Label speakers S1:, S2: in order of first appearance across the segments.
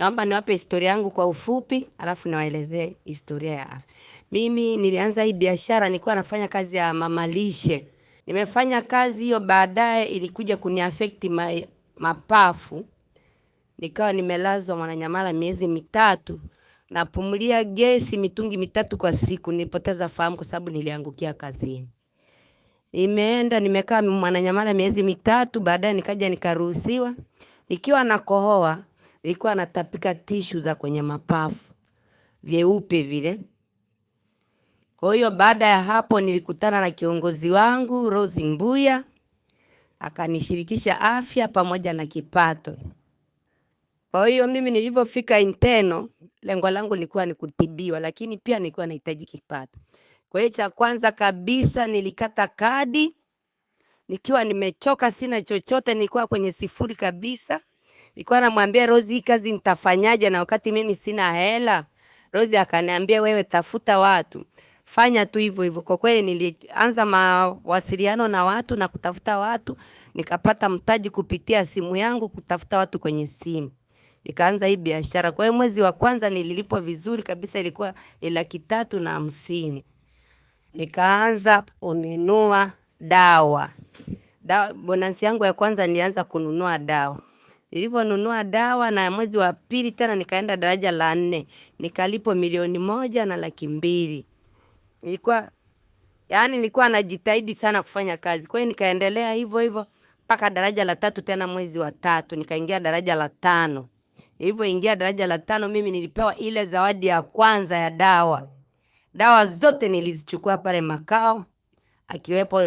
S1: Naomba niwape historia yangu kwa ufupi, alafu niwaelezee historia ya afya. Mimi nilianza hii biashara nilikuwa nafanya kazi ya mamalishe. Nimefanya kazi hiyo, baadaye ilikuja kuniafekti ma, mapafu, nikawa nimelazwa Mwananyamala miezi mitatu, napumulia gesi mitungi mitatu kwa siku. Nilipoteza fahamu kwa sababu niliangukia kazini. Nimeenda nimekaa Mwananyamala miezi mitatu, baadaye nikaja nikaruhusiwa nikiwa nakohoa ilikuwa anatapika tishu za kwenye mapafu vyeupe vile. Kwa hiyo baada ya hapo nilikutana na kiongozi wangu Rose Mbuya akanishirikisha afya pamoja na kipato. Kwa hiyo mimi nilivyofika inteno, lengo langu lilikuwa ni kutibiwa, lakini pia nilikuwa nahitaji kipato. Kwa hiyo cha kwanza kabisa nilikata kadi nikiwa nimechoka, sina chochote, nilikuwa kwenye sifuri kabisa. Nilikuwa namwambia Rozi, hii kazi nitafanyaje na wakati mimi sina hela? Rozi akaniambia wewe tafuta watu, fanya tu hivyo hivyo. Kwa kweli nilianza mawasiliano na watu na kutafuta watu, nikapata mtaji kupitia simu yangu, kutafuta watu kwenye simu nikaanza hii biashara. Kwa hiyo mwezi wa kwanza nililipwa vizuri kabisa, ilikuwa ni laki tatu na hamsini. Nikaanza kununua dawa dawa. bonansi yangu ya kwanza nilianza kununua dawa nilivyonunua dawa, na mwezi wa pili tena nikaenda daraja la nne nikalipo milioni moja na laki mbili. Ilikuwa yani, nilikuwa najitahidi sana kufanya kazi, kwa hiyo nikaendelea hivyo hivyo mpaka daraja la tatu. Tena mwezi wa tatu nikaingia daraja la tano. Nilivyoingia daraja la tano, mimi nilipewa ile zawadi ya kwanza ya dawa. Dawa zote nilizichukua pale makao akiwepo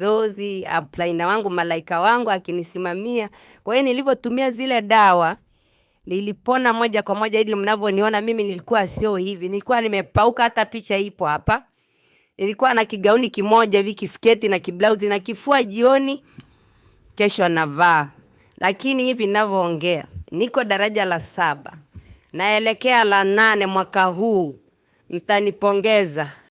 S1: Rozi aplaina wangu malaika wangu akinisimamia. Kwa hiyo nilivyotumia zile dawa nilipona moja kwa moja, ili mnavyoniona mimi nilikuwa sio hivi, nilikuwa nimepauka. Hata picha ipo hapa. Nilikuwa na kigauni kimoja hivi, kisketi na kiblauzi na kifua, jioni kesho navaa, lakini hivi ninavyoongea niko daraja la saba naelekea la nane mwaka huu, mtanipongeza.